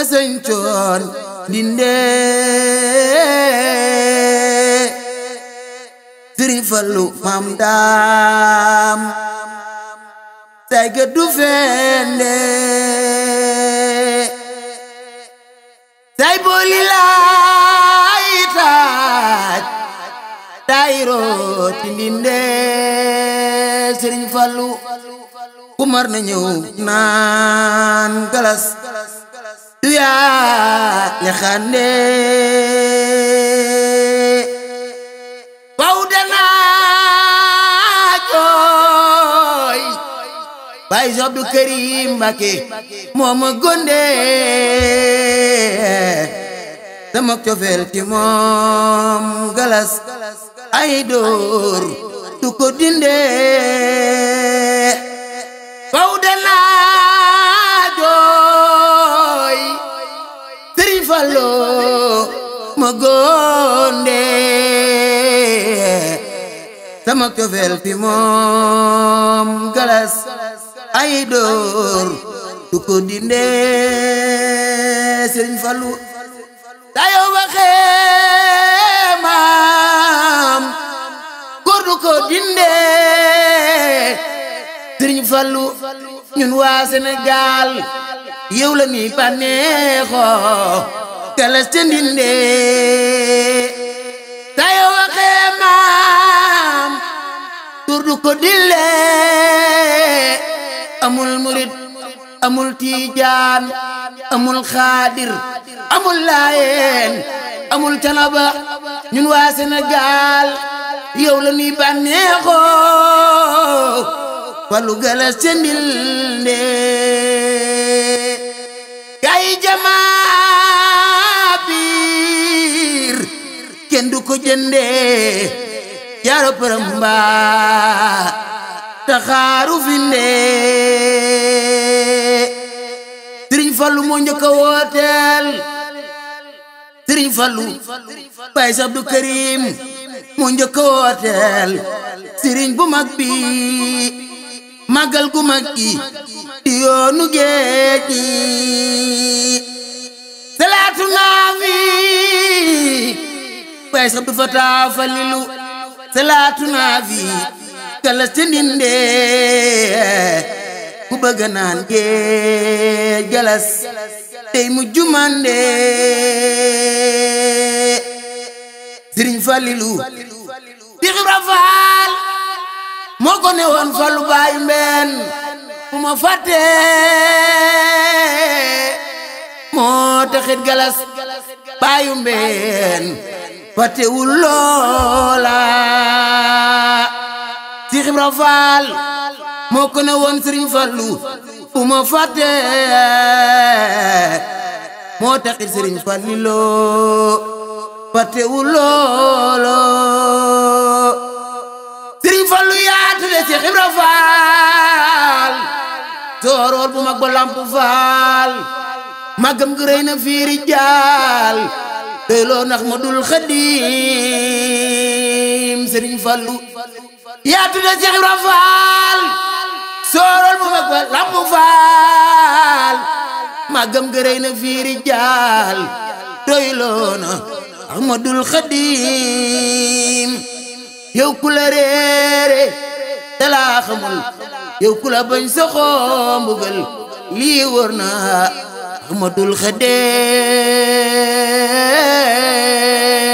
ka coon dindee sëriñ fallu maam daam say gëddu feende say booli laay taaj tay rooti dindee sëriñ fallu kumar na ñëw naan galas yaa ña xande faw danaa jooy bay si Abdou Karim Mbakke moo ma gonde sama cofeel ci moom galas ay dóor du ko dinde faw danaa sama cofeel fi moom galas ay dóor du ko dindee sëriñ Fallu dayo waxee maam góor du ko dindee sëriñ Fallu ñun waa Sénégal yow la ñuy galas ca dindee dayo waxee maam ko dillee amul murit amul tiijaan amul xaadir amul laayeen amul canaba ñun waa Sénégal yow la ñuy bànneexoo walu gala sendil ndee gay jamaa biir ko jëndee yara param ba taxaaru fallu moo njëkk a wooteel sëriñ fallu bay sabdu karim moo njëkk a wooteel bu mag bi màggal gu mag gi di yoonu géej salaatu naa bay sabdu fataa falilu salaatuna fi kala tëndinde ku bëgg naan géej galas tey mu jumande sëriñ Falilu di Ibra moo ko ne woon falu baayu ma fàtte moo taxit galas baayu fàttewul loola Seex Ibra Faal moo ko ne woon Sëriñ Fallu bu ma moo taxit Sëriñ Falliloo fàttewul loola Sëriñ Fallu yaatu de Seex Ibra Faal soorool bu mag ba faal magam gi rëy fiiri jaal doyloo nax ma dul xadim sëriñ fallu yaa tudde Cheikh Ibra Fall soorol bu mag ba faal màggam gërëy na fiiri jaal doyloo na nax yow ku la dalaa xamul yow ku la bañ lii wër na Ahmadul Xadim